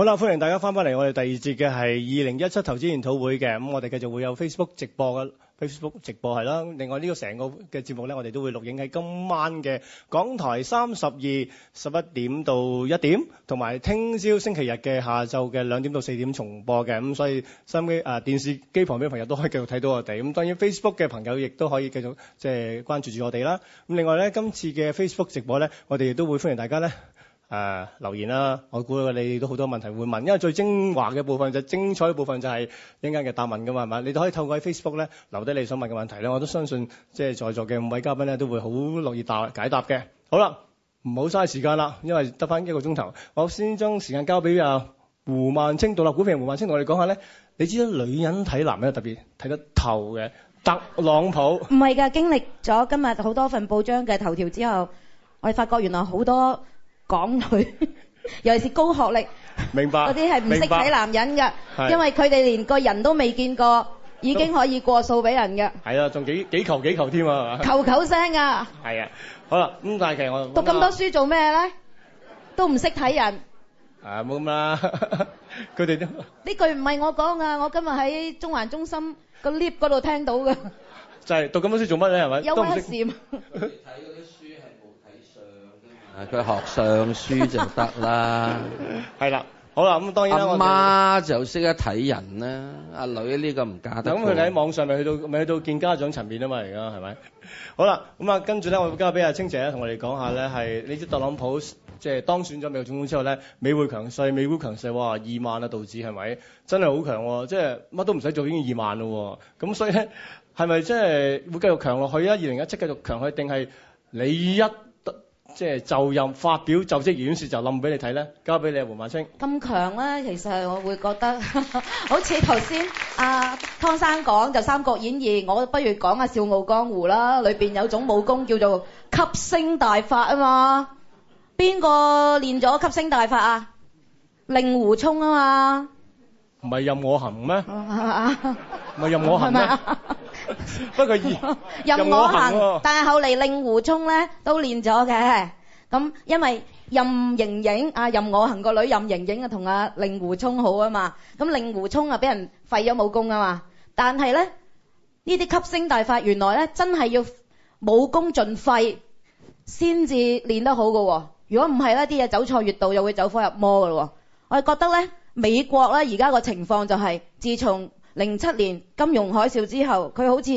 好啦，歡迎大家翻返嚟，我哋第二節嘅係2017投資研討會嘅。咁我哋繼續會有 Facebook 直播嘅，Facebook 直播係啦。另外呢個成個嘅節目呢，我哋都會錄影，喺今晚嘅港台32 11點到1點同埋聽朝星期日嘅下晝嘅2點到4誒、啊、留言啦！我估你都好多問題會問，因為最精華嘅部分就是、精彩嘅部分就係、是、一陣間嘅答問㗎嘛，係咪？你都可以透過喺 Facebook 咧留低你想問嘅問題咧。我都相信即係在座嘅五位嘉賓咧都會好樂意答解答嘅。好啦，唔好嘥時間啦，因為得返一個鐘頭，我先將時間交俾阿、啊、胡萬清到啦股評人胡萬清同我哋講下咧。你知道女人睇男人特別睇得透嘅特朗普唔係㗎，經歷咗今日好多份報章嘅頭條之後，我哋發覺原來好多。港女，尤其是高學歷，明白嗰啲係唔識睇男人嘅，因為佢哋連個人都未見過，已經可以過數俾人嘅。係啊，仲幾幾求幾求添啊，求求聲㗎。係啊，好啦，咁但係其實我讀咁多書做咩咧？都唔識睇人。係啊，冇咁啦，佢哋都呢句唔係我講啊，我今日喺中環中心個 lift 嗰度聽到㗎。就係讀咁多書做乜咧？係咪有乜事？佢學上書就得啦，係啦，好啦，咁當然啦，阿媽就識得睇人啦、啊，阿女呢個唔嫁得。咁佢哋喺網上咪去到咪去到見家長層面啊嘛，而家係咪？好啦，咁啊，跟住咧，我交俾阿清姐咧，同我哋講下咧，係呢啲特朗普即係、就是、當選咗美國總統之後咧，美匯強勢，美股強勢，哇，二萬啊道指係咪？真係好強喎、哦，即係乜都唔使做已經二萬啦、哦，咁所以咧，係咪即係會繼續強落去啊？二零一七繼續強去定係你一？即係就任發表就職演說就冧俾你睇咧，交俾你胡萬清。咁強咧，其實我會覺得好似頭先阿湯生講就《三國演義》，我不如講下《笑傲江湖》啦，裏邊有種武功叫做吸星大法啊嘛。邊個練咗吸星大法啊？令狐沖啊嘛。唔係任我行咩？唔係任我行咩？不過任任我行，但係後嚟令狐沖咧都練咗嘅。咁因為任盈盈啊，任我行個女任盈盈啊，同阿令狐沖好啊嘛。咁令狐沖啊，俾人廢咗武功啊嘛。但係咧呢啲吸星大法，原來咧真係要武功盡廢先至練得好噶。如果唔係咧，啲嘢走錯穴道，就會走火入魔噶咯。我係覺得咧，美國咧而家個情況就係自從。零七年金融海嘯之後，佢好似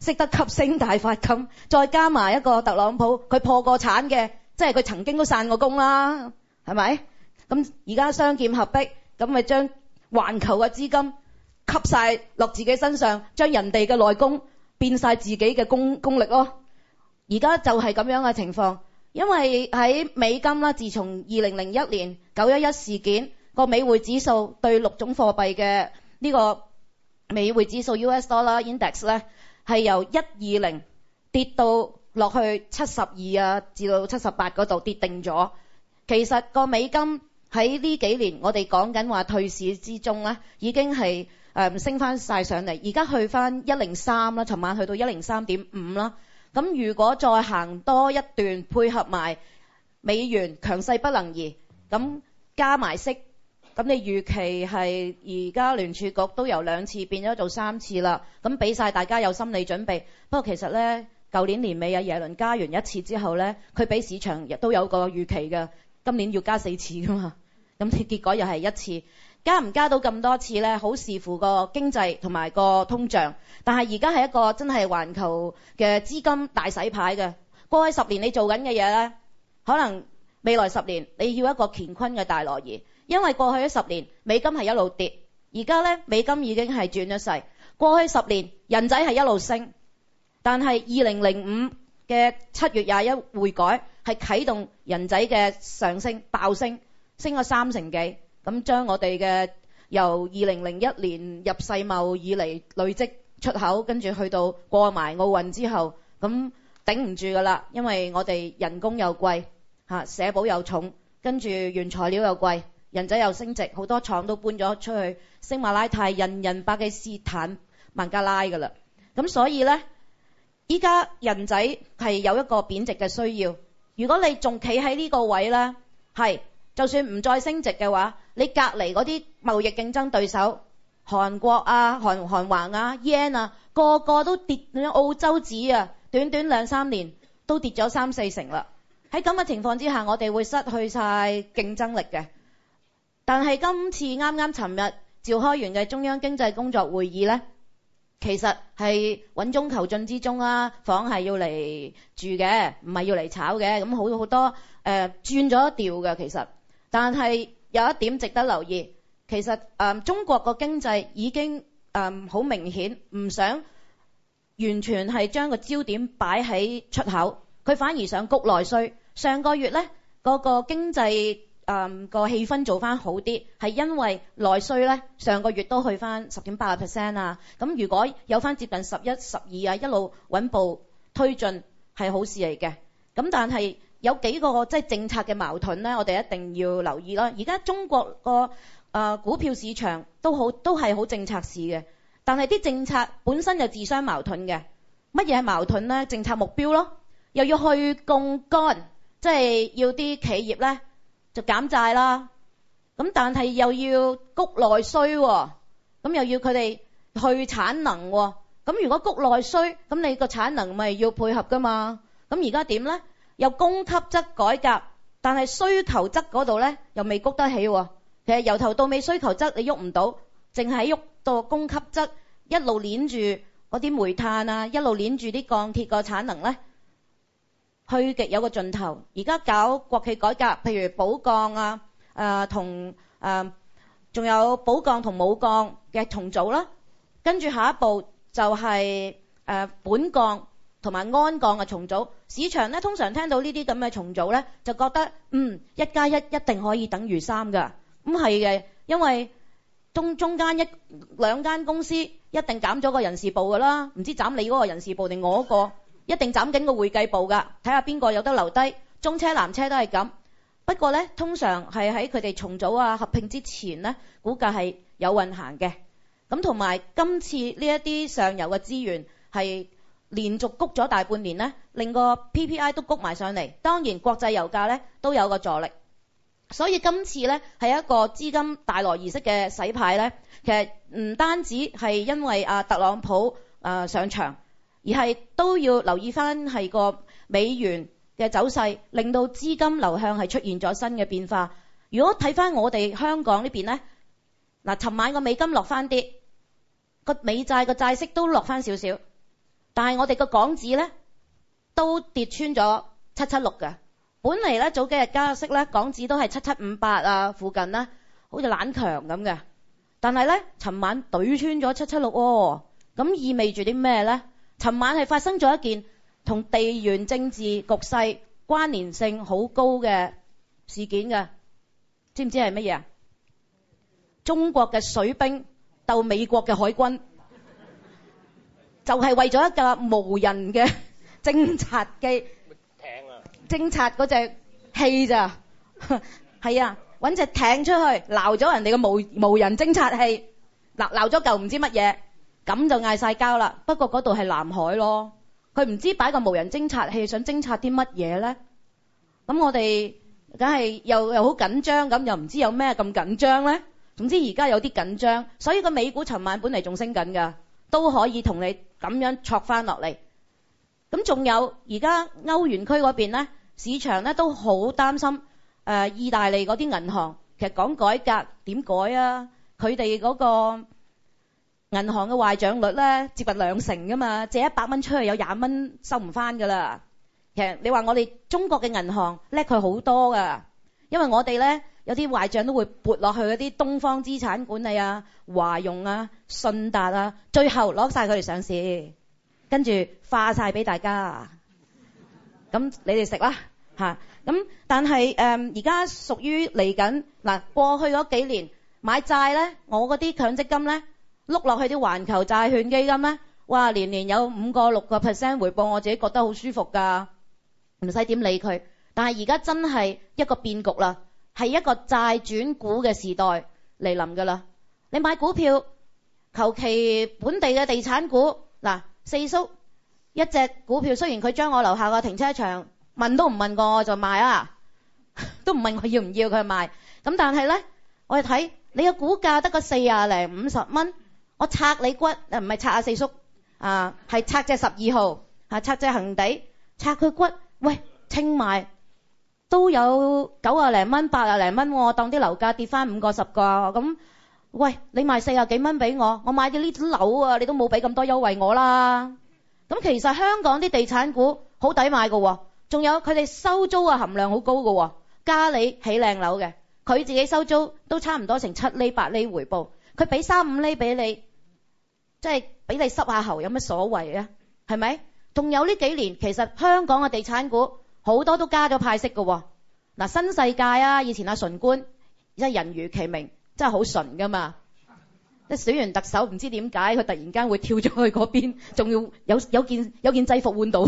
識得吸星大法咁，再加埋一個特朗普，佢破過產嘅，即係佢曾經都散過工啦，係咪？咁而家雙劍合璧，咁咪將環球嘅資金吸晒落自己身上，將人哋嘅內功變晒自己嘅功功力咯。而家就係咁樣嘅情況，因為喺美金啦，自從二零零一年九一一事件，個美匯指數對六種貨幣嘅呢個。美匯指數 US dollar index 咧係由一二零跌到落去七十二啊，至到七十八嗰度跌定咗。其實個美金喺呢幾年我哋講緊話退市之中咧，已經係誒升翻晒上嚟。而家去翻一零三啦，尋晚去到一零三點五啦。咁如果再行多一段，配合埋美元強勢不能移，咁加埋息。咁你預期係而家聯儲局都由兩次變咗做三次啦，咁俾曬大家有心理準備。不過其實咧，舊年年尾有耶倫加完一次之後咧，佢俾市場亦都有個預期嘅，今年要加四次噶嘛。咁你結果又係一次，加唔加到咁多次咧，好視乎個經濟同埋個通脹。但係而家係一個真係環球嘅資金大洗牌嘅，過去十年你做緊嘅嘢咧，可能未來十年你要一個乾坤嘅大挪移。因為過去咗十年，美金係一路跌，而家呢美金已經係轉咗勢。過去十年人仔係一路升，但係二零零五嘅七月廿一匯改係啟動人仔嘅上升、爆升，升咗三成幾。噉將我哋嘅由二零零一年入世貿以嚟累積出口，跟住去到過埋奧運之後，咁頂唔住㗎喇，因為我哋人工又貴吓，社保又重，跟住原材料又貴。人仔又升值，好多廠都搬咗出去，星馬拉泰、人人巴基斯坦、孟加拉噶啦。咁所以呢，依家人仔係有一個貶值嘅需要。如果你仲企喺呢個位呢，係就算唔再升值嘅話，你隔離嗰啲貿易競爭對手，韓國啊、韓韓環啊、yen 啊，個個都跌，澳洲紙啊，短短兩三年都跌咗三四成啦。喺咁嘅情況之下，我哋會失去晒競爭力嘅。但係今次啱啱尋日召開完嘅中央經濟工作會議呢，其實係穩中求進之中啊，房係要嚟住嘅，唔係要嚟炒嘅。咁好多好多誒轉咗調嘅其實、呃。但係有一點值得留意，其實誒、呃、中國個經濟已經誒好、呃、明顯唔想完全係將個焦點擺喺出口，佢反而想谷內需。上個月呢，嗰、那個經濟。誒個氣氛做翻好啲，係因為內需咧，上個月都去翻十點八啊 percent 啊。咁如果有翻接近十一、十二啊，一路穩步推進係好事嚟嘅。咁但係有幾個即係政策嘅矛盾咧，我哋一定要留意啦。而家中國個誒、呃、股票市場都好都係好政策市嘅，但係啲政策本身就自相矛盾嘅。乜嘢係矛盾咧？政策目標咯，又要去槓桿，即係要啲企業咧。就減債啦，咁但係又要谷內需，咁又要佢哋去產能，咁如果谷內需，咁你個產能咪要配合噶嘛？咁而家點呢？又供給側改革，但係需求側嗰度呢又未谷得起，其實由頭到尾需求側你喐唔到，淨係喐到供給側一路攣住嗰啲煤炭啊，一路攣住啲鋼鐵個產能呢。推極有個盡頭，而家搞國企改革，譬如寶鋼啊，誒同誒仲有寶鋼同武鋼嘅重組啦。跟住下一步就係誒本鋼同埋鞍鋼嘅重組。市場咧，通常聽到呢啲咁嘅重組咧，就覺得嗯，一加一一定可以等於三㗎。咁係嘅，因為中中間一兩間公司一定減咗個人事部㗎啦。唔知斬你嗰個人事部定我嗰個。一定斬緊個會計部㗎，睇下邊個有得留低。中車、南車都係咁。不過呢，通常係喺佢哋重組啊、合併之前呢，估計係有運行嘅。咁同埋今次呢一啲上游嘅資源係連續谷咗大半年呢，令個 PPI 都谷埋上嚟。當然國際油價呢都有個助力。所以今次呢，係一個資金帶來儀式嘅洗牌呢，其實唔單止係因為啊特朗普、呃、上場。而係都要留意翻係個美元嘅走勢，令到資金流向係出現咗新嘅變化。如果睇翻我哋香港呢邊呢，嗱，尋晚個美金落翻啲，個美債個債息都落翻少少，但係我哋個港紙咧都跌穿咗七七六嘅。本嚟咧早幾日加息咧，港紙都係七七五八啊附近啦，好似懶強咁嘅。但係咧，尋晚懟穿咗七七六喎，咁意味住啲咩咧？尋晚係發生咗一件同地緣政治局勢關聯性好高嘅事件嘅。知唔知係乜嘢？中國嘅水兵鬥美國嘅海軍， 就係為咗一架無人嘅偵察機, 偵察嗰隻器咋？係啊，搵隻艇出去撈咗人哋嘅無、無人偵察器，撈咗嚿唔知乜嘢。咁就嗌曬交啦！不過嗰度係南海咯，佢唔知擺個無人偵察器想偵察啲乜嘢咧？咁我哋梗係又又好緊張咁，又唔知有咩咁緊張咧？總之而家有啲緊張，所以個美股尋晚本嚟仲升緊㗎，都可以同你咁樣戳翻落嚟。咁仲有而家歐元區嗰邊咧，市場咧都好擔心誒，意大利嗰啲銀行其實講改革點改啊？佢哋嗰個。銀行嘅壞賬率咧，接近兩成噶嘛，借一百蚊出去，有廿蚊收唔翻噶啦。其實你話我哋中國嘅銀行叻佢好多噶，因為我哋咧有啲壞賬都會撥落去嗰啲東方資產管理啊、華融啊、信達啊，最後攞晒佢哋上市，跟住化晒俾大家。咁你哋食啦嚇咁，但係誒而家屬於嚟緊嗱過去嗰幾年買債咧，我嗰啲強積金咧。碌落去啲環球債券基金咩，哇！年年有五個六個 percent 回報，我自己覺得好舒服噶，唔使點理佢。但係而家真係一個變局啦，係一個債轉股嘅時代嚟臨噶啦。你買股票，求其本地嘅地產股嗱，四叔一隻股票，雖然佢將我樓下個停車場，問都唔問過我就賣啊，都唔問我要唔要佢賣。咁但係咧，我哋睇你嘅股價得個四呀零五十蚊。我拆你骨唔係拆啊，啊，唔係拆阿四叔啊，係拆隻十二號啊，拆隻恒地拆佢骨。喂，清埋都有九啊零蚊，八啊零蚊。我當啲樓價跌翻五個十個咁，喂，你賣四十幾蚊俾我，我買咗呢啲樓啊，你都冇俾咁多優惠我啦。咁其實香港啲地產股好抵買噶，仲有佢哋收租嘅含量好高噶，加你起靚樓嘅，佢自己收租都差唔多成七厘八厘回報，佢俾三五厘俾你。即係俾你濕下喉有乜所謂啊？係咪？仲有呢幾年其實香港嘅地產股好多都加咗派息嘅喎。嗱，新世界啊，以前阿純官即係人如其名，真係好純噶嘛。即小袁特首唔知點解佢突然間會跳咗去嗰邊，仲要有有件有件制服換到。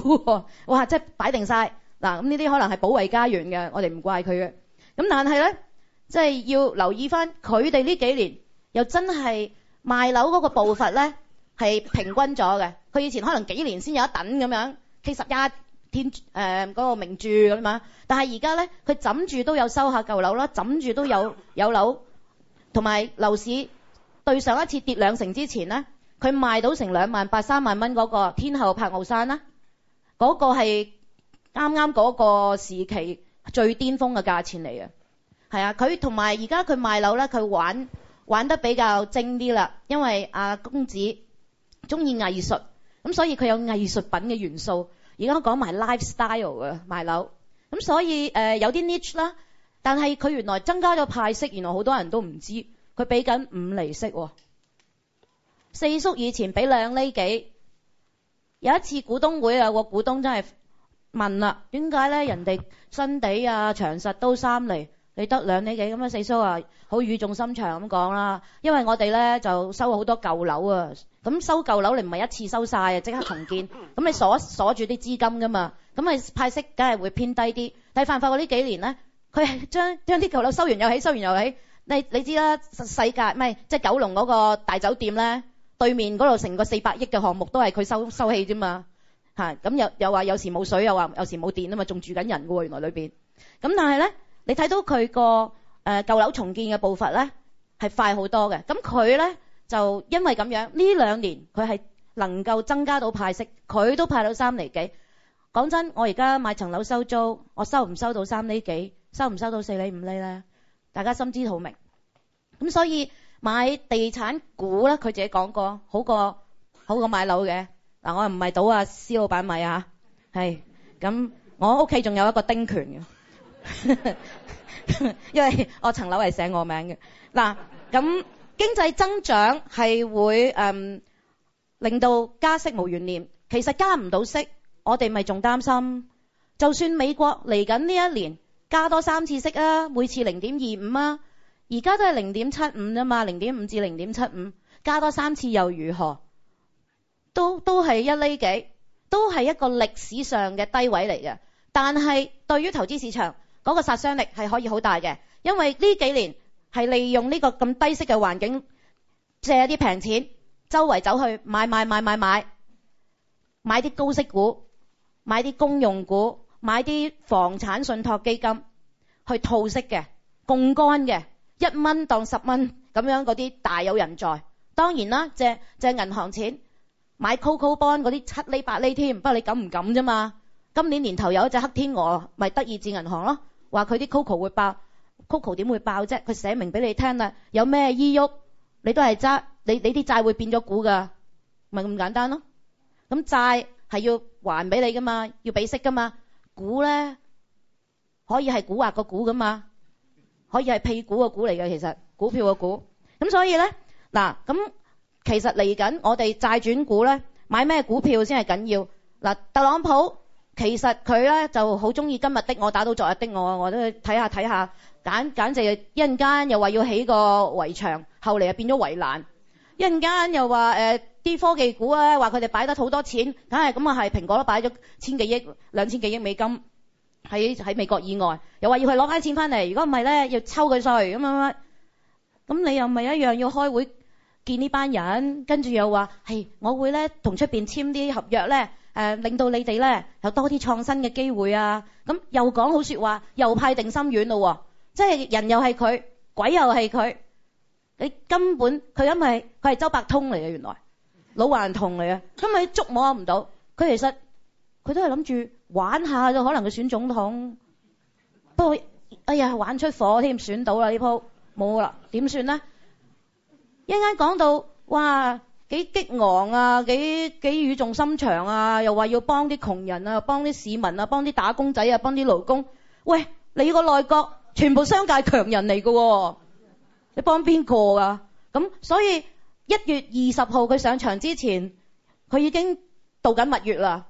哇！即係擺定曬嗱，咁呢啲可能係保衛家園嘅，我哋唔怪佢嘅。咁但係咧，即係要留意翻佢哋呢幾年又真係賣樓嗰個步伐咧。係平均咗嘅，佢以前可能幾年先有一等咁樣，其實 K11 天誒嗰、呃那個名鑄咁樣，但係而家咧佢枕住都有收下舊樓啦，枕住都有有樓，同埋樓市對上一次跌兩成之前咧，佢賣到成兩萬八三萬蚊嗰個天后柏傲山啦，嗰、那個係啱啱嗰個時期最巔峰嘅價錢嚟嘅，係啊，佢同埋而家佢賣樓咧，佢玩玩得比較精啲啦，因為阿、啊、公子。中意藝術咁，所以佢有藝術品嘅元素。而家講埋 lifestyle 賣樓咁，所以、呃、有啲 niche 啦。但係佢原來增加咗派息，原來好多人都唔知佢俾緊五厘息、哦，四叔以前俾兩厘幾。有一次股東會有個股東真係問啦：「點解咧？人哋新地啊、長實都三厘。」你得兩年幾咁啊？四叔啊，好語重心長咁講啦。因為我哋咧就收好多舊樓啊，咁收舊樓你唔係一次收曬啊，即刻重建，咁你鎖鎖住啲資金㗎嘛，咁你派息梗係會偏低啲。但係發覺呢幾年咧，佢係將將啲舊樓收完又起，收完又起。你，你知啦，世界唔係即係九龍嗰個大酒店咧，對面嗰度成個四百億嘅項目都係佢收收起啫嘛，嚇咁又又話有時冇水，又話有時冇電啊嘛，仲住緊人喎原來裏邊。咁但係咧。你睇到佢個誒舊樓重建嘅步伐咧，係快好多嘅。咁佢咧就因為咁樣呢兩年佢係能夠增加到派息，佢都派到三厘幾。講真，我而家買層樓收租，我收唔收到三厘幾，收唔收到四厘五厘咧？大家心知肚明。咁所以買地產股咧，佢自己講過好過好過買樓嘅。嗱，我又唔係賭阿、啊、施老闆米呀、啊，係咁，我屋企仲有一個丁權嘅。 因為我層樓係寫我的名嘅，嗱，咁經濟增長係會誒、嗯、令到加息無懸念。其實加唔到息，我哋咪仲擔心。就算美國嚟緊呢一年加多三次息啦、啊，每次零點二五啊，而家都係零點七五啫嘛，零點五至零點七五加多三次又如何？都都係一厘幾，都係一,一個歷史上嘅低位嚟嘅。但係對於投資市場，嗰個殺傷力係可以好大嘅，因為呢幾年係利用呢個咁低息嘅環境借一啲平錢，周圍走去買買買買買，買啲高息股、買啲公用股、買啲房產信託基金去套息嘅、槓桿嘅，一蚊當十蚊咁樣嗰啲大有人在。當然啦，借借銀行錢買 Coco Bond 嗰啲七厘八厘添，不過你敢唔敢啫嘛？今年年頭有一隻黑天鵝，咪德意志銀行咯。話佢啲 coco 會爆，coco 點會爆啫？佢寫明俾你聽啦，有咩依郁，你都係揸你你啲債會變咗股噶，咪咁簡單咯。咁債係要還俾你噶嘛，要俾息噶嘛。股咧可以係蠱惑個股噶嘛，可以係屁股個股嚟嘅，其實股票個股。咁所以咧嗱，咁其實嚟緊我哋債轉股咧，買咩股票先係緊要嗱？特朗普。其實佢咧就好中意今日的我打到昨日的我，我都睇下睇下，簡簡直一陣間又話要起個圍牆，後嚟又變咗圍欄。一陣間又話呃啲科技股啊，話佢哋擺得好多錢，梗係咁啊，係蘋果都擺咗千幾億、兩千幾億美金喺喺美國以外，又話要去攞翻錢翻嚟，如果唔係咧要抽佢稅咁樣，咁你又咪一樣要開會見呢班人，跟住又話係，我會咧同出邊簽啲合約咧。誒令到你哋咧有多啲創新嘅機會啊！咁又講好說話，又派定心丸咯喎！即係人又係佢，鬼又係佢，你根本佢因為佢係周伯通嚟嘅原來，老頑童嚟嘅，因為捉摸唔到，佢其實佢都係諗住玩下就可能佢選總統，不過哎呀玩出火添，選到啦呢鋪，冇啦點算呢一陣間講到哇！幾激昂啊！幾幾語重心長啊！又話要幫啲窮人啊，幫啲市民啊，幫啲打工仔啊，幫啲勞工。喂，你個內閣全部商界強人嚟㗎喎，你幫邊個啊？咁所以一月二十號佢上場之前，佢已經度緊蜜月啦。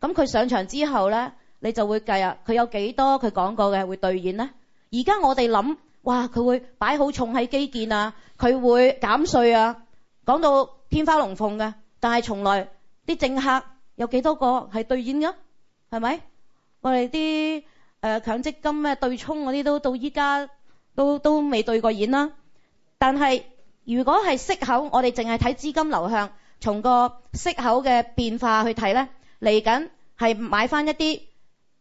咁佢上場之後咧，你就會計啊，佢有幾多佢講過嘅會兌現呢？而家我哋諗哇，佢會擺好重喺基建啊，佢會減稅啊。講到天花龍鳳嘅，但係從來啲政客有幾多個係兌現㗎？係咪我哋啲強積金咩對沖嗰啲都到依家都都未兌過現啦？但係如果係息口，我哋淨係睇資金流向，從個息口嘅變化去睇咧，嚟緊係買翻一啲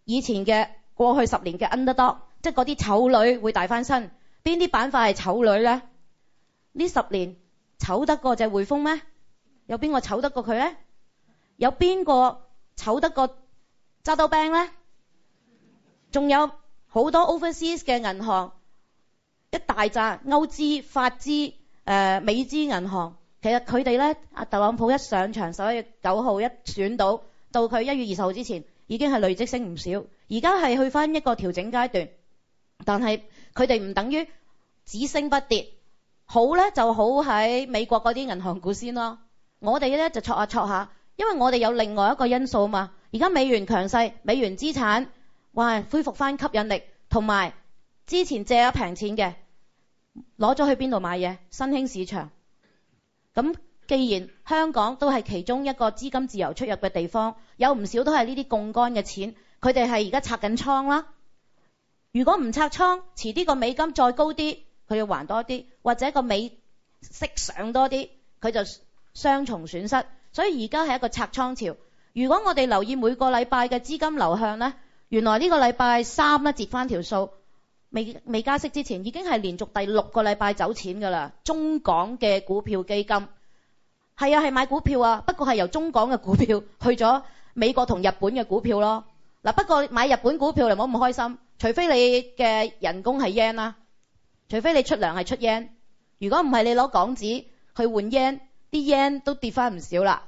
以前嘅過去十年嘅 underdog，即係嗰啲醜女會大翻身。邊啲板塊係醜女咧？呢十年。醜得過隻匯豐咩？有邊個醜得過佢咧？有邊個醜得過揸刀兵咧？仲有好多 overseas 嘅銀行，一大扎歐資、法資、誒美資銀行，其實佢哋咧，特朗普一上場，十一月九號一選到，到佢一月二十號之前，已經係累積升唔少。而家係去翻一個調整階段，但係佢哋唔等於只升不跌。好咧，就好喺美國嗰啲銀行股先咯。我呢，我哋咧就戳下戳下，因為我哋有另外一個因素嘛。而家美元強勢，美元資產哇恢復翻吸引力，同埋之前借咗平錢嘅，攞咗去邊度買嘢？新興市場。咁既然香港都係其中一個資金自由出入嘅地方，有唔少都係呢啲槓桿嘅錢，佢哋係而家拆緊倉啦。如果唔拆倉，遲啲個美金再高啲，佢要還多啲，或者個美息上多啲，佢就雙重損失。所以而家係一個拆倉潮。如果我哋留意每個禮拜嘅資金流向呢，原來呢個禮拜三呢，截返條數，未未加息之前已經係連續第六個禮拜走錢㗎啦。中港嘅股票基金係啊，係買股票啊，不過係由中港嘅股票去咗美國同日本嘅股票咯。嗱，不過買日本股票你唔好咁開心，除非你嘅人工係 yen 啦。除非你出糧係出 yen，如果唔係你攞港紙去換 yen，啲 yen 都跌翻唔少啦。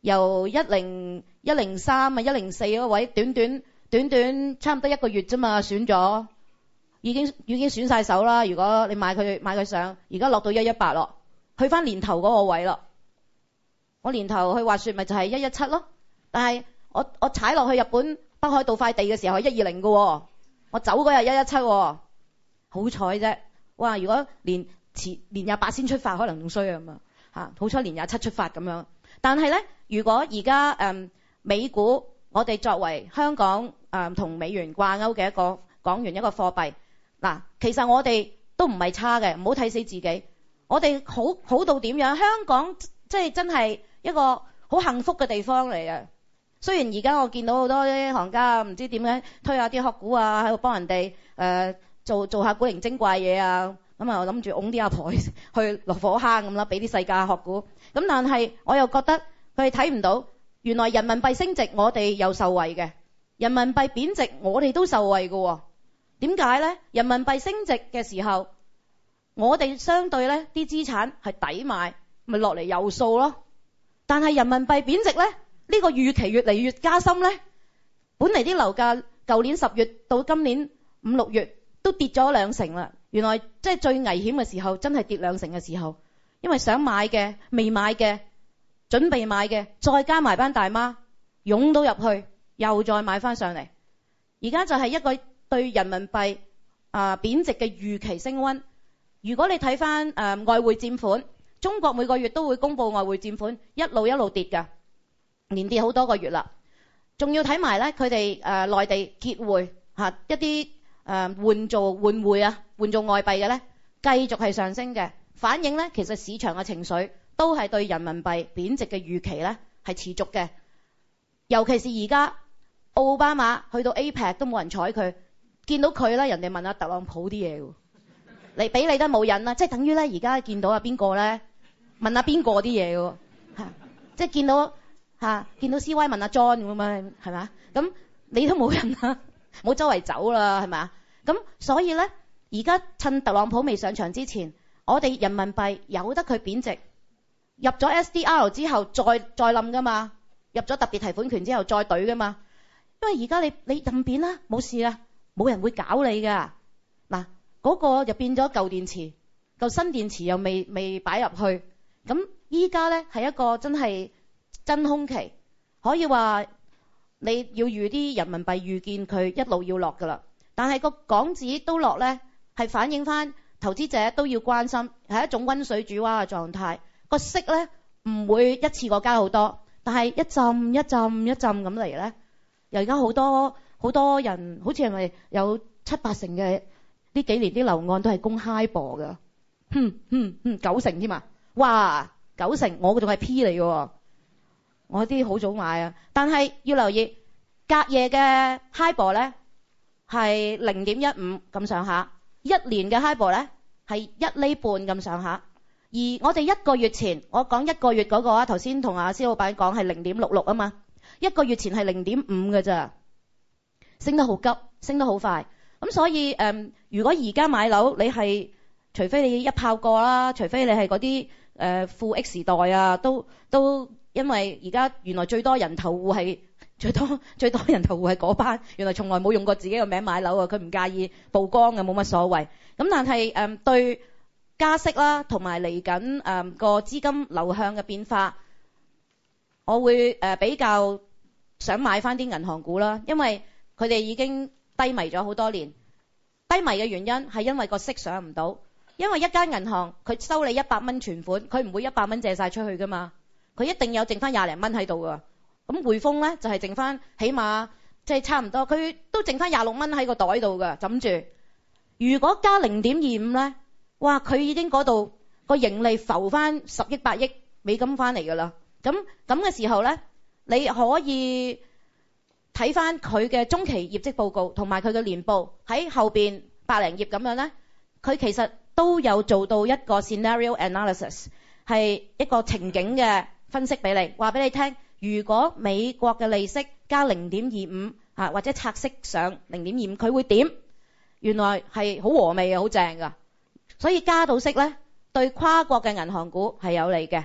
由一零一零三啊一零四嗰位，短短短短差唔多一個月啫嘛，損咗，已經已經損曬手啦。如果你買佢買佢上，而家落到一一八咯，去翻年頭嗰個位咯。我年頭去滑雪咪就係一一七咯，但係我我踩落去日本北海道塊地嘅時候係一二零㗎喎，我走嗰日一一七喎。好彩啫！哇，如果年前連廿八先出發，可能仲衰啊嘛吓，好彩年廿七出發咁樣。但係咧，如果而家、嗯、美股，我哋作為香港、嗯、同美元掛鈎嘅一個港元一個貨幣，嗱、啊，其實我哋都唔係差嘅，唔好睇死自己。我哋好好到點樣？香港即係真係一個好幸福嘅地方嚟嘅。雖然而家我見到好多啲行家唔知點樣推下啲殼股啊，喺度幫人哋、呃做做下古靈精怪嘢啊！咁啊，諗住拱啲阿婆去落火坑咁啦，俾啲世界學股咁。但係我又覺得佢哋睇唔到，原來人民幣升值，我哋又受惠嘅；人民幣貶值，我哋都受惠喎。點解呢？人民幣升值嘅時候，我哋相對呢啲資產係抵買，咪落嚟有數咯。但係人民幣貶值呢，呢、呢個預期越嚟越加深呢，本嚟啲樓價，舊年十月到今年五六月。都跌咗兩成啦！原來即係最危險嘅時候，真係跌兩成嘅時候，因為想買嘅、未買嘅、準備買嘅，再加埋班大媽湧到入去，又再買翻上嚟。而家就係一個對人民幣啊貶值嘅預期升溫。如果你睇翻誒外匯佔款，中國每個月都會公布外匯佔款，一路一路跌㗎，連跌好多個月啦。仲要睇埋咧，佢哋誒內地結匯嚇一啲。誒、呃、換做換匯啊，換做外幣嘅咧，繼續係上升嘅反映咧，其實市場嘅情緒都係對人民幣貶值嘅預期咧係持續嘅。尤其是而家奧巴馬去到 APEC 都冇人睬佢，見到佢咧人哋問阿特朗普啲嘢喎，你俾你都冇人啦，即係等於咧而家見到阿邊個咧問阿邊個啲嘢喎，即係見到嚇見到 C Y 問阿 John 咁樣係嘛，咁你都冇人啦。冇周圍走啦，係咪啊？咁所以呢，而家趁特朗普未上場之前，我哋人民幣由得佢貶值，入咗 SDR 之後再再冧噶嘛，入咗特別提款權之後再懟噶嘛。因為而家你你任貶啦，冇事啦，冇人會搞你噶。嗱，嗰個就變咗舊電池，舊新電池又未未擺入去。咁依家呢，係一個真係真空期，可以話。你要預啲人民幣預見佢一路要落㗎啦，但係個港紙都落咧，係反映翻投資者都要關心係一種溫水煮蛙嘅狀態。個息咧唔會一次過加好多，但係一浸一浸一浸咁嚟咧。又而家好多好多人好似係咪有七八成嘅呢幾年啲流案都係公 h i 㗎，哼哼哼九成添嘛哇，九成我仲係 P 嚟㗎喎。我啲好早買啊，但係要留意隔夜嘅 HIBOR 呢係零點一五咁上下，一年嘅 HIBOR 呢係一厘半咁上下。而我哋一個月前我講一個月嗰個啊，頭先同阿蕭老闆講係零點六六啊嘛，一個月前係零點五嘅咋，升得好急，升得好快。咁所以誒，如果而家買樓，你係除非你一炮過啦，除非你係嗰啲誒富 X 代啊，都都。因為而家原來最多人頭戶係最多最多人頭戶係嗰班，原來從來冇用過自己嘅名買樓啊！佢唔介意曝光嘅，冇乜所謂。咁但係誒、嗯、對加息啦，同埋嚟緊誒個資金流向嘅變化，我會誒、呃、比較想買翻啲銀行股啦，因為佢哋已經低迷咗好多年。低迷嘅原因係因為個息上唔到，因為一間銀行佢收你一百蚊存款，佢唔會一百蚊借晒出去㗎嘛。佢一定有剩翻廿零蚊喺度㗎，咁匯豐咧就係、係、剩翻起碼即係差唔多，佢都剩翻廿六蚊喺個袋度㗎，枕住。如果加零點二五咧，哇！佢已經嗰度個盈利浮翻十億、八億美金翻嚟㗎啦。咁咁嘅時候咧，你可以睇翻佢嘅中期業績報告同埋佢嘅年報喺後面百零頁咁樣咧，佢其實都有做到一個 scenario analysis 係一個情景嘅。分析俾你，話俾你聽，如果美國嘅利息加零點二五吓，或者拆息上零點二五，佢會點？原來係好和味嘅，好正噶。所以加到息呢，對跨國嘅銀行股係有利嘅。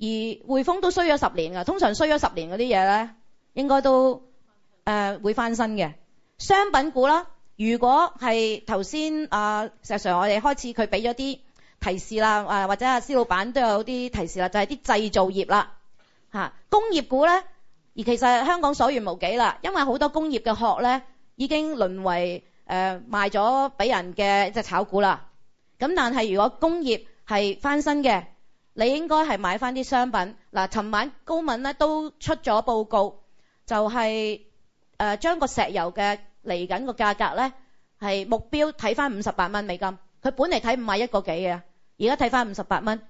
而匯豐都衰咗十年噶，通常衰咗十年嗰啲嘢呢，應該都誒、呃、會翻身嘅。商品股啦，如果係頭先石 Sir 我哋開始佢俾咗啲。提示啦，或者阿施老闆都有啲提示啦，就係、是、啲製造業啦、啊、工業股咧，而其實香港所餘無幾啦，因為好多工業嘅殼咧已經淪為誒、呃、賣咗俾人嘅即係炒股啦。咁但係如果工業係翻新嘅，你應該係買翻啲商品嗱。尋、啊、晚高敏呢都出咗報告，就係誒將個石油嘅嚟緊個價格咧係目標睇翻五十八蚊美金，佢本嚟睇五十一個幾嘅。而家睇翻五十八蚊，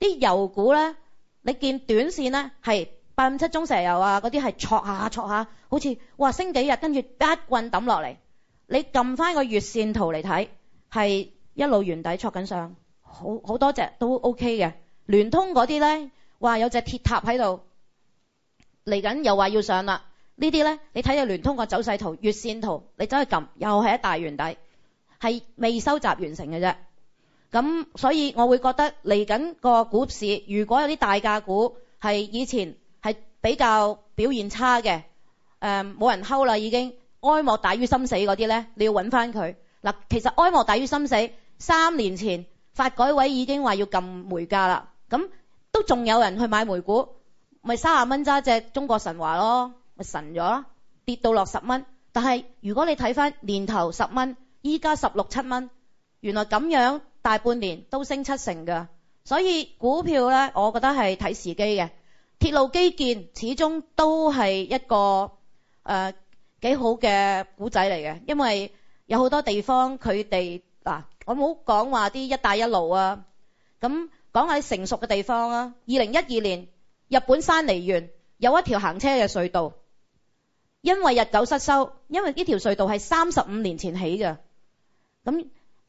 啲油股咧，你見短線咧係八五七中石油啊嗰啲係戳下戳下，好似哇升幾日，跟住一棍抌落嚟。你撳翻個月線圖嚟睇，係一路圓底戳緊上，好好多隻都 O K 嘅。聯通嗰啲咧，哇有隻鐵塔喺度，嚟緊又話要上啦。呢啲咧，你睇下聯通個走勢圖、月線圖，你走去撳，又係一大圓底，係未收集完成嘅啫。咁所以，我會覺得嚟緊個股市，如果有啲大價股係以前係比較表現差嘅，誒、嗯、冇人 hold 啦，已經哀莫大於心死嗰啲呢。你要揾翻佢嗱。其實哀莫大於心死，三年前發改委已經話要撳煤價啦，咁都仲有人去買煤股，咪三十蚊揸隻中國神華咯，咪神咗，跌到落十蚊。但係如果你睇翻年頭十蚊，依家十六七蚊，原來咁樣。大半年都升七成嘅，所以股票咧，我覺得係睇時機嘅。鐵路基建始終都係一個誒幾好嘅古仔嚟嘅，因為有好多地方佢哋嗱，我冇講話啲一帶一路啊，咁講喺成熟嘅地方啊。二零一二年，日本山梨縣有一條行車嘅隧道，因為日久失修，因為呢條隧道係三十五年前起嘅，咁。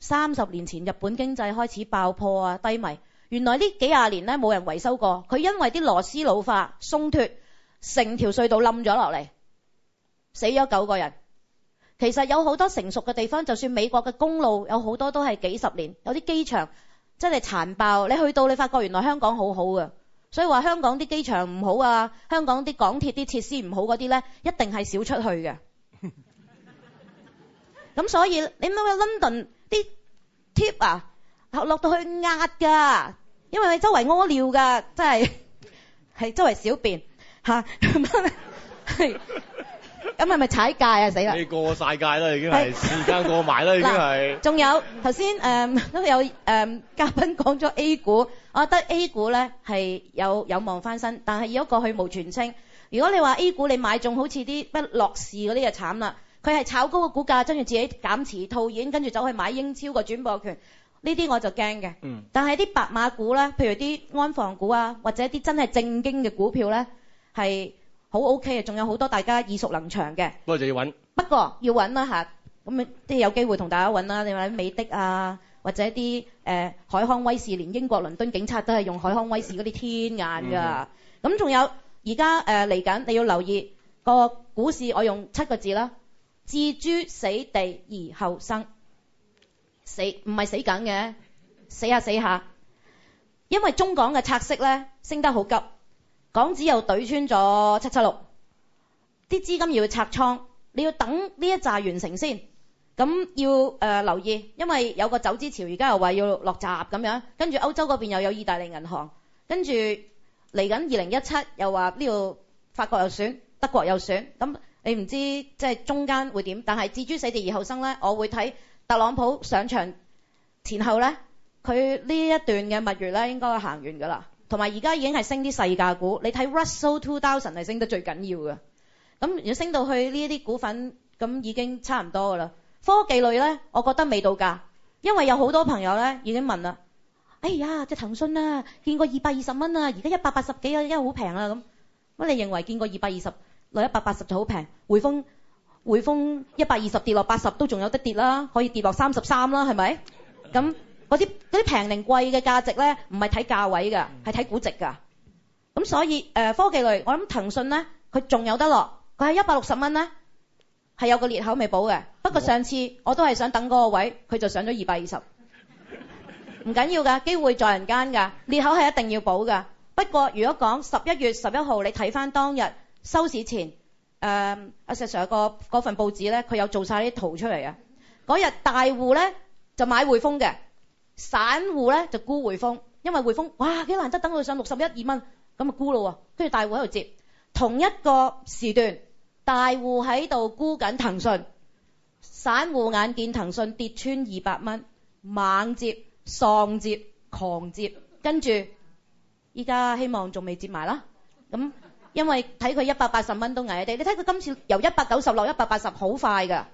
三十年前日本經濟開始爆破啊，低迷。原來呢幾廿年呢冇人維修過，佢因為啲螺絲老化鬆脱，成條隧道冧咗落嚟，死咗九個人。其實有好多成熟嘅地方，就算美國嘅公路有好多都係幾十年，有啲機場真係殘爆。你去到你發覺原來香港好好嘅，所以話香港啲機場唔好啊，香港啲港鐵啲設施唔好嗰啲呢，一定係少出去嘅。咁 所以你諗下 London。啲 tip 啊，落落到去壓㗎，因為你周圍屙尿㗎，真係係周圍小便吓，咁係咪踩界啊死啦！你過曬界啦，已經係時間過埋啦， 已經係。仲有頭先誒都有誒、um, 嘉賓講咗 A 股，我覺得 A 股咧係有有望翻身，但係如果過去無全清。如果你話 A 股你買中好似啲不落市嗰啲就慘啦。佢係炒高個股價，跟住自己減持套現，跟住走去買英超個轉播權。呢啲我就驚嘅。嗯。但係啲白馬股咧，譬如啲安防股啊，或者啲真係正經嘅股票咧，係好 O K 嘅。仲有好多大家耳熟能詳嘅。不過就要揾。不過要揾啦嚇，咁即係有機會同大家揾啦。你話美的啊，或者啲、呃、海康威視，連英國倫敦警察都係用海康威視嗰啲天眼㗎。咁、嗯、仲有而家嚟緊，呃、你要留意個股市，我用七個字啦。置之死地而後生死，不是死唔係死緊嘅，死下死下。因為中港嘅拆息咧升得好急，港紙又對穿咗七七六，啲資金要拆倉，你要等呢一揸完成先。咁要、呃、留意，因為有個走資潮，而家又話要落閘咁樣，跟住歐洲嗰邊又有意大利銀行，跟住嚟緊二零一七又話呢度法國又選，德國又選，咁。你唔知即係中間會點，但係置諸死地而後生咧，我會睇特朗普上場前後咧，佢呢一段嘅蜜月咧應該行完㗎啦。同埋而家已經係升啲細價股，你睇 Russell 2000係升得最緊要嘅。咁如果升到去呢一啲股份，咁已經差唔多㗎啦。科技類咧，我覺得未到價，因為有好多朋友咧已經問啦，哎呀，隻、那個、騰訊啊，見過二百二十蚊啊，而家一百八十幾啊，已經好平啊咁。乜你認為見過二百二十？落一百八十就好平，匯豐，匯豐一百二十跌落八十都仲有得跌啦，可以跌落三十三啦，係咪？咁嗰啲嗰啲平定貴嘅價值咧，唔係睇價位㗎，係睇估值㗎。咁所以，呃，科技類，我諗騰訊咧，佢仲有得落，佢係一百六十蚊咧係有個裂口未補嘅。不過上次我都係想等嗰個位，佢就上咗二百二十，唔緊要㗎，機會在人間㗎。裂口係一定要補㗎。不過如果講十一月十一號，你睇翻當日。收市前，誒、嗯、阿石 Sir 個份報紙咧，佢有做曬啲圖出嚟嘅。嗰日大戶咧就買匯豐嘅，散戶咧就沽匯豐，因為匯豐哇幾難得等到上六十一二蚊，咁啊沽咯喎，跟住大戶喺度接。同一個時段，大戶喺度沽緊騰訊，散戶眼見騰訊跌穿二百蚊，猛接、喪接、狂接，跟住依家希望仲未接埋啦，咁。因為睇佢一百八十蚊都危危地，你睇佢今次由一百九十落一百八十好快噶，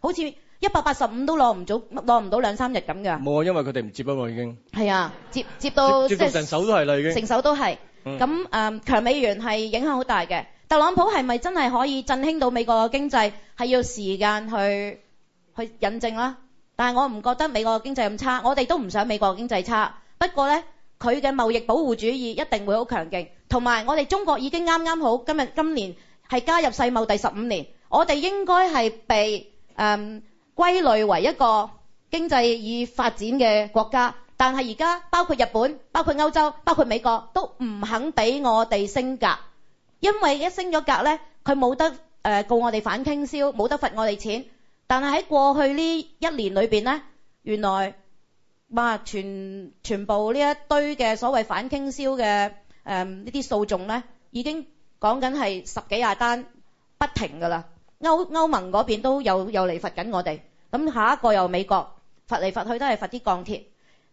好似一百八十五都落唔到，落唔到兩三日咁噶。冇啊，因為佢哋唔接啊嘛，已經。係啊，接接到成手都係啦，已經。成手都係，咁誒強美元係影響好大嘅。特朗普係咪真係可以振興到美國嘅經濟？係要時間去去引證啦。但係我唔覺得美國嘅經濟咁差，我哋都唔想美國嘅經濟差。不過咧，佢嘅貿易保護主義一定會好強勁。同埋，我哋中國已經啱啱好今日今年係加入世貿第十五年，我哋應該係被誒歸類為一個經濟已發展嘅國家。但係而家包括日本、包括歐洲、包括美國都唔肯俾我哋升格，因為一升咗格呢，佢冇得誒、呃、告我哋反傾銷，冇得罰我哋錢。但係喺過去呢一年裏面呢，原來哇，全全部呢一堆嘅所謂反傾銷嘅。誒、嗯、呢啲訴訟咧已經講緊係十幾廿單不停㗎啦，歐歐盟嗰邊都有有嚟罰緊我哋，咁下一個又美國罰嚟罰去都係罰啲鋼鐵，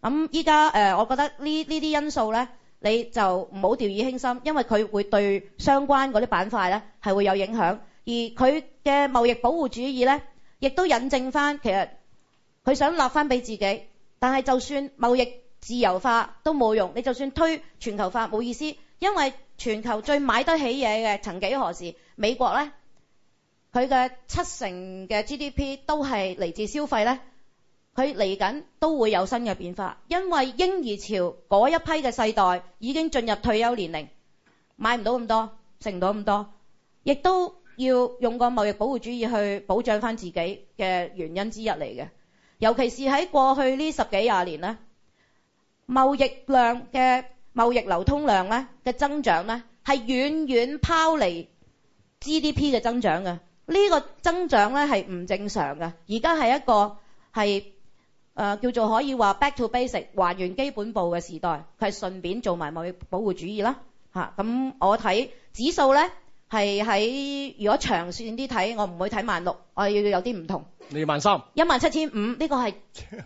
咁依家誒，我覺得呢呢啲因素咧，你就唔好掉以輕心，因為佢會對相關嗰啲板塊咧係會有影響，而佢嘅貿易保護主義咧，亦都引證翻其實佢想立翻俾自己，但係就算貿易自由化都冇用，你就算推全球化冇意思，因為全球最買得起嘢嘅曾幾何時？美國咧，佢嘅七成嘅 GDP 都係嚟自消費咧，佢嚟緊都會有新嘅變化，因為嬰兒潮嗰一批嘅世代已經進入退休年齡，買唔到咁多，食唔到咁多，亦都要用個貿易保護主義去保障翻自己嘅原因之一嚟嘅。尤其是喺過去呢十幾廿年咧。貿易量嘅貿易流通量咧嘅增長咧，係遠遠拋離 GDP 嘅增長嘅，呢個增長咧係唔正常嘅。而家係一個係誒叫做可以話 back to basic 還原基本步嘅時代，佢係順便做埋貿易保護主義啦。嚇咁，我睇指數咧係喺如果長線啲睇，我唔會睇萬六，我要有啲唔同。你萬三？一萬七千五呢個係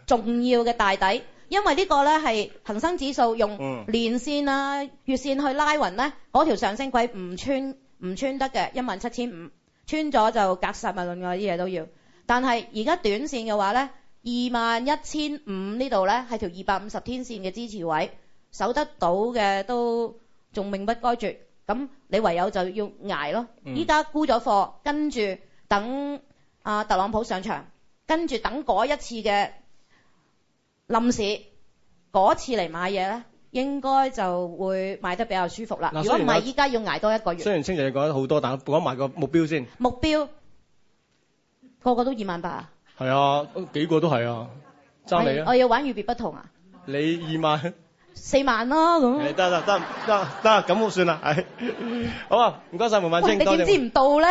重要嘅大底。因為這個呢個咧係恒生指數用年線啊、月線去拉勻呢嗰條上升軌唔穿唔穿得嘅一萬七千五，穿咗就隔十萬另外啲嘢都要。但係而家短線嘅話21,500這裏呢二萬一千五呢度呢係條二百五十天線嘅支持位，守得到嘅都仲命不該絕。咁你唯有就要捱咯。依家沽咗貨，跟住等阿、啊、特朗普上場，跟住等嗰一次嘅。臨時嗰次嚟買嘢咧，應該就會買得比較舒服啦。如果唔係，依家要挨多一個月。雖然清姐你講得好多，但講埋個目標先。目標個個都二萬八啊？係啊，幾個都係啊，爭你啊！我要玩類別不同啊！你二萬四萬啦、啊、咁。得得得得得，咁 算啦，係好啊，唔該晒黃敏清。你點知唔到咧？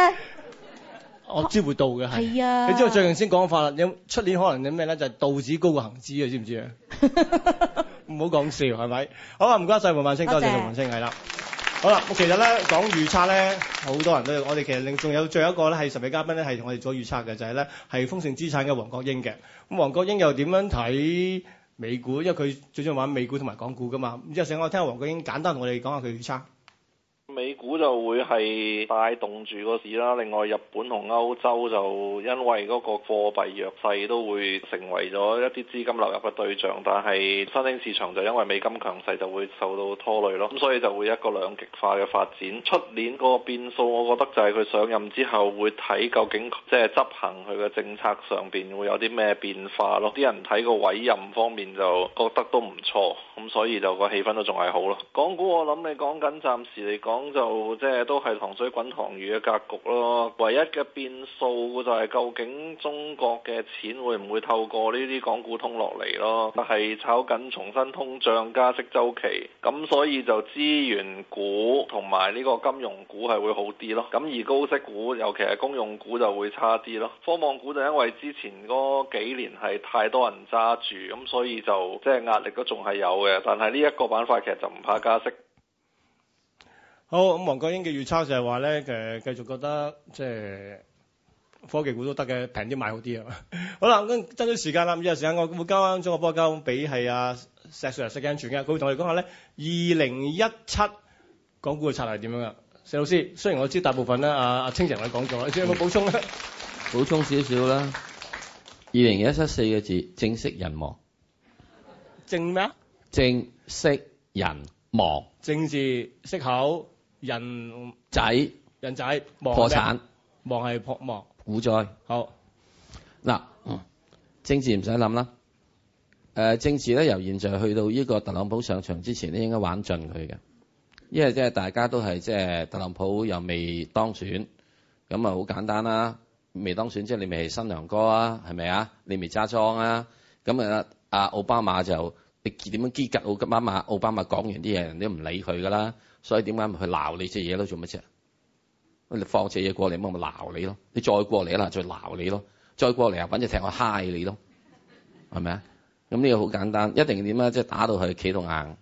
我知道會到的嘅係、啊，你知道我最近先講法啦。有出年可能有咩呢？就係、是、道指高過恆指你知唔知啊？唔好講笑係咪？好啊！唔該曬黃萬清，謝謝，多謝黃萬清，係啦，好啦，其實呢講預測呢，好多人都有。我哋其實另仲有最後一個呢，係神秘嘉賓呢，係同我哋做預測嘅，就係、是、呢，係豐盛資產嘅黃國英嘅。咁黃國英又點樣睇美股？因為佢最中意玩美股同埋港股㗎嘛。咁有時我聽黃國英簡單同我哋講下佢預測。就會係帶動住個市啦。另外，日本同歐洲就因為嗰個貨幣弱勢，都會成為咗一啲資金流入嘅對象。但係新興市場就因為美金強勢，就會受到拖累咯。咁所以就會一個兩極化嘅發展。出年嗰個變數，我覺得就係佢上任之後會睇究竟，即係執行佢嘅政策上邊會有啲咩變化咯。啲人睇個委任方面就覺得都唔錯，咁所以就個氣氛都仲係好咯。港股我諗你講緊，暫時嚟講就。即係都係糖水滾糖魚嘅格局咯，唯一嘅變數就係究竟中國嘅錢會唔會透過呢啲港股通落嚟咯？但係炒緊重新通脹加息周期，咁所以就資源股同埋呢個金融股係會好啲咯。咁而高息股，尤其係公用股就會差啲咯。科網股就因為之前嗰幾年係太多人揸住，咁所以就即係壓力都仲係有嘅。但係呢一個板塊其實就唔怕加息。好咁，黃國英嘅預測就係話咧，誒繼續覺得即係科技股都得嘅，平啲買好啲啊！ 好啦，咁爭取時間啦，咁有時間我會交翻將個波交俾係阿石 Sir 石鏡泉啊，佢會同我講下咧，二零一七港股嘅策略係點樣噶？石老師，雖然我知大部分咧，阿、啊、阿清成佢講咗，你仲有冇補充咧、嗯？補充少少啦，二零一七四個字，正式人亡，正咩啊？正式人亡，政治息口。人仔，人仔破產，望係破忙，股災。好嗱，政治唔使諗啦。誒，政治咧由現在去到呢個特朗普上場之前咧，應該玩盡佢嘅，因為即係大家都係即係特朗普又未當選，咁啊好簡單啦。未當選即係你未係新娘哥啊，係咪啊？你未揸莊啊？咁啊啊，奧巴馬就你點樣基格奧吉巴馬？奧巴馬講完啲嘢，人哋都唔理佢㗎啦。所以點解唔去鬧你隻嘢都做乜啫？你放隻嘢過嚟，咁咪鬧你咯？你再過嚟啦，再鬧你咯？再過嚟啊，揾隻踢我嗨你咯？係咪啊？咁呢個好簡單，一定要點啊？即係打到佢企到硬。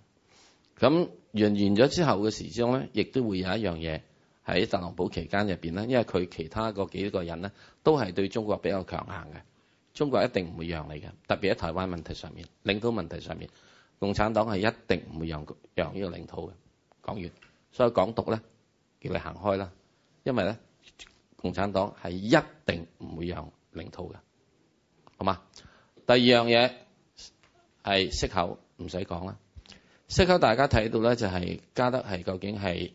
咁完完咗之後嘅時鐘咧，亦都會有一樣嘢喺特朗普期間入邊咧，因為佢其他嗰幾個人咧都係對中國比較強硬嘅。中國一定唔會讓你嘅，特別喺台灣問題上面、領土問題上面，共產黨係一定唔會讓讓呢個領土嘅。講完，所以港獨咧叫你行開啦，因為咧共產黨係一定唔會讓領土嘅，好嘛？第二樣嘢係息口，唔使講啦。息口大家睇到咧就係、是、加得係究竟係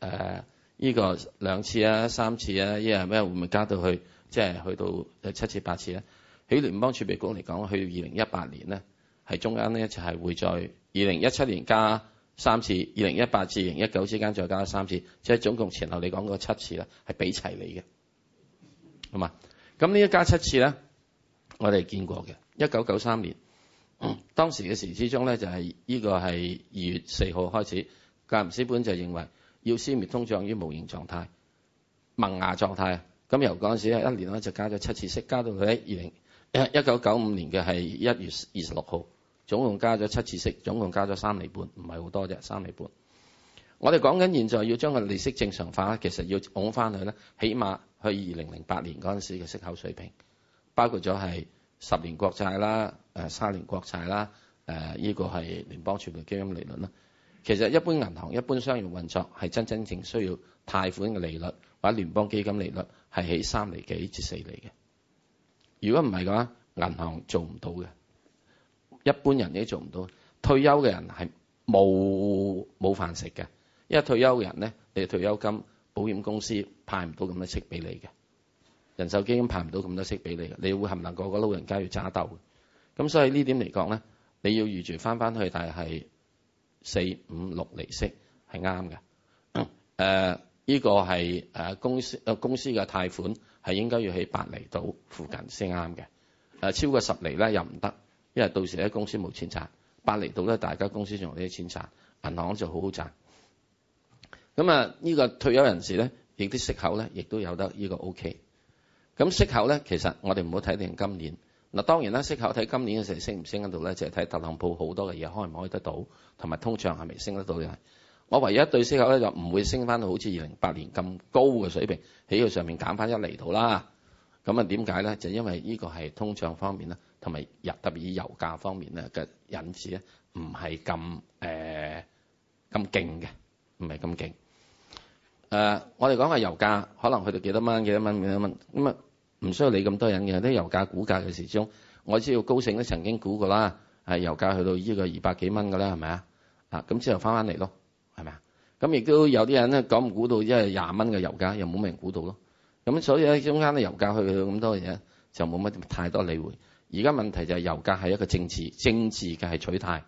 誒呢個兩次啊、三次啊，一係咩會唔會加到去即係、就是、去到七次八次咧？喺聯邦儲備局嚟講，去到二零一八年咧係中間咧就係、是、會在二零一七年加。三次，二零一八至二零一九之間再加了三次，即、就、係、是、總共前後你講嗰七次啦，係俾齊你嘅，係嘛？咁呢一加七次咧，我哋見過嘅，一九九三年、嗯、當時嘅時之中咧，就係、是、呢個係二月四號開始，格林斯潘就認為要消滅通脹於無形狀態、萌芽狀態。咁由嗰陣時係一年咧就加咗七次息，加到佢喺二零一九九五年嘅係一月二十六號。總共加咗七次息，總共加咗三厘半，唔係好多啫，三厘半。我哋講緊現在要將個利息正常化，其實要拱翻去咧，起碼去二零零八年嗰陣時嘅息口水平，包括咗係十年國債啦、三年國債啦、呢、呃呢個係聯邦儲備基金利率啦。其實一般銀行、一般商業運作係真真正需要貸款嘅利率或者聯邦基金利率係喺三厘幾至四厘嘅。如果唔係嘅話，銀行做唔到嘅。一般人你都做唔到，退休嘅人係冇冇飯食嘅。因為退休嘅人咧，你退休金保險公司派唔到咁多息俾你嘅，人壽基金派唔到咁多息俾你嘅，你會冚唪唥個個老人家要揸兜咁，所以這點來講呢點嚟講咧，你要預住翻翻去是 4, 5,，但係四五六利息係啱嘅。誒、呃、呢、這個係誒、呃、公司誒、呃、公司嘅貸款係應該要喺八厘度附近先啱嘅，誒、呃、超過十厘咧又唔得。因為到時咧公司冇錢賺，八厘度咧大家公司仲有啲錢賺，銀行就好好賺。咁啊，呢個退休人士咧，亦啲息口咧亦都有得呢個 OK。咁息口咧，其實我哋唔好睇定今年。嗱，當然啦，息口睇今年嘅時候升唔升得到咧，就係睇特朗普好多嘅嘢開唔開得到，同埋通脹係咪升得到嘅。我唯一對息口咧就唔會升翻到好似二零八年咁高嘅水平，喺佢上面減翻一厘度啦。咁啊，點解咧？就因為呢個係通脹方面啦。同埋油特別以油價方面咧嘅引致咧，唔係咁誒咁勁嘅，唔係咁勁。誒、呃，我哋講下油價可能去到幾多蚊、幾多蚊、幾多蚊咁啊，唔需要理咁多人嘅。啲油價估價嘅時鐘，我知道高盛都曾經估過啦，係油價去到呢個二百幾蚊嘅啦，係咪啊？啊，咁之後翻翻嚟咯，係咪啊？咁亦都有啲人咧講唔估到，因為廿蚊嘅油價，又冇咩人估到咯。咁所以喺中間咧，油價去到咁多嘢，就冇乜太多理會。而家問題就係油價係一個政治政治嘅係取態，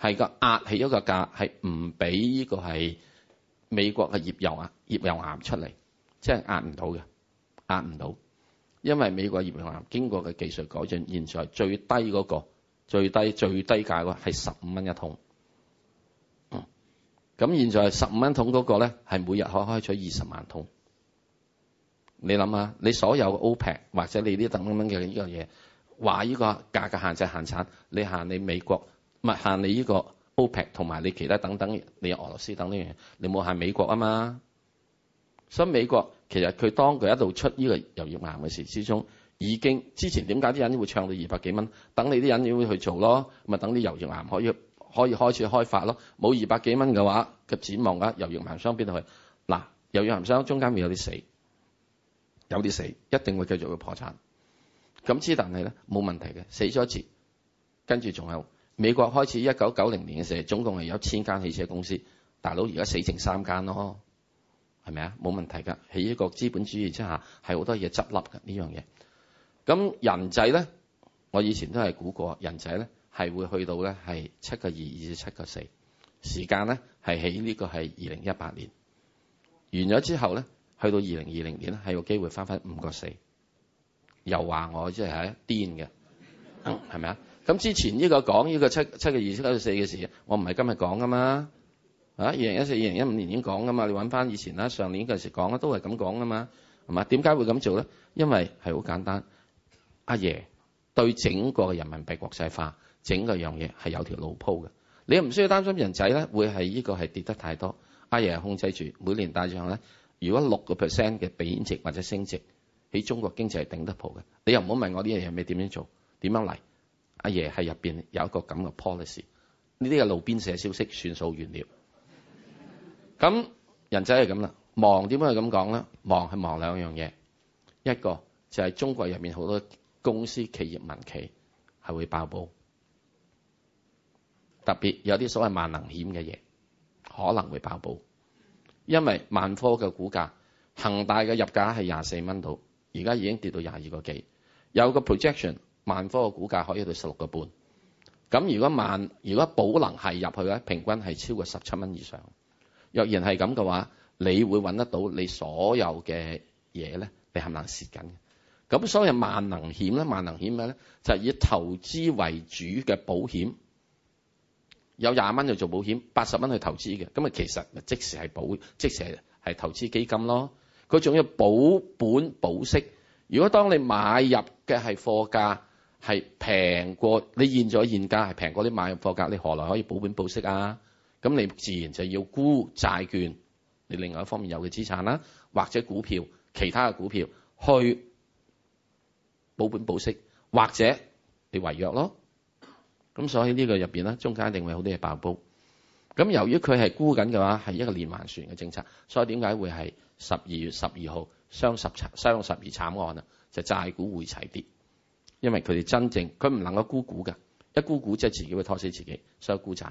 係個壓起一個價，係唔俾呢個係美國嘅頁岩油啊頁岩油出嚟，即係壓唔到嘅，壓唔到，因為美國頁岩油經過嘅技術改進，現在最低嗰、那個最低最低價喎係十五蚊一桶。咁、嗯、現在十五蚊桶嗰個咧係每日可開取二十萬桶。你諗下，你所有嘅 OPEC 或者你啲等蚊蚊嘅呢樣嘢。話呢個價格限制限產，你限你美國，唔係限你呢個 OPEC 同埋你其他等等，你俄羅斯等呢樣嘢，你冇限美國啊嘛。所以美國其實佢當佢一度出呢個油頁岩嘅時，之中已經之前點解啲人會唱到二百幾蚊？等你啲人要去做咯，咪等啲油頁岩可以可以開始開發咯。冇二百幾蚊嘅話嘅展望，噶油頁岩商邊度去？嗱，油頁岩商中間面有啲死，有啲死一定會繼續會破產。咁之，但係咧冇問題嘅，死咗一次，跟住仲有美國開始一九九零年嘅時候，總共係有千間汽車公司，大佬而家死剩三間咯，係咪啊？冇問題噶，喺一個資本主義之下係好多嘢執笠嘅呢樣嘢。咁人仔咧，我以前都係估過，人仔咧係會去到咧係七個二二至七個四，2, 3, 4, 時間咧係喺呢個係二零一八年完咗之後咧，去到二零二零年咧係有機會翻返五個四。又話我即係係癲嘅，係咪啊？咁之前呢個講呢個七七個二七九四嘅時，我唔係今日講噶嘛，啊二零一四、二零一五年已經講噶嘛，你搵翻以前啦，上年嗰陣時講都係咁講噶嘛，係嘛？點解會咁做咧？因為係好簡單，阿爺對整個嘅人民幣國際化，整個樣嘢係有條路鋪嘅，你唔需要擔心人仔咧會係呢個係跌得太多，阿爺係控制住每年大漲咧，如果六個 percent 嘅貶值或者升值。喺中國經濟係頂得抱嘅，你又唔好問我啲嘢係咪點樣做，點樣嚟？阿爺喺入邊有一個咁嘅 policy，呢啲嘅路邊社消息算數完了。咁 人仔係咁啦，忙點解係咁講咧？忙係忙兩樣嘢，一個就係中國入面好多公司企業民企係會爆煲，特別有啲所謂萬能險嘅嘢可能會爆煲，因為萬科嘅股價、恒大嘅入價係廿四蚊度。而家已經跌到廿二個幾，有個 projection，萬科嘅股價可以到十六個半。咁如果萬如果保能係入去咧，平均係超過十七蚊以上。若然係咁嘅話，你會揾得到你所有嘅嘢咧？你係咪能蝕緊？咁所謂萬能險咧，萬能險嘅咧？就係以投資為主嘅保險，有廿蚊就做保險，八十蚊去投資嘅。咁啊，其實即時係保，即時係投資基金咯。佢仲要保本保息。如果當你買入嘅係貨價係平過你現在，現價係平過你買入貨價，你何來可以保本保息啊？咁你自然就要沽債券，你另外一方面有嘅資產啦，或者股票，其他嘅股票去保本保息，或者你違約咯。咁所以呢個入面咧，中間一定會有好多嘢爆煲。咁由於佢係沽緊嘅話，係一個連環船嘅政策，所以點解會係？十二月十二號，雙十雙十二慘案啊，就債股匯齊跌，因為佢哋真正佢唔能夠沽股嘅，一沽股即係自己會拖死自己，所以沽債。